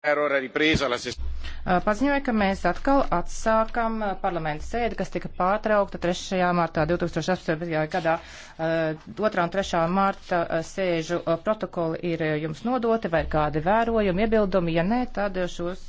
Eh, paziņoja, ka mēs atkal atsākam eh, parlamenta sēdi, kas tika pārtraukta 3. martā 2018. gadā. 2. Eh, un 3. marta sēžu protokoli ir jums nodoti, vai kādi vērojumi, iebildumi, ja nē, tad šos.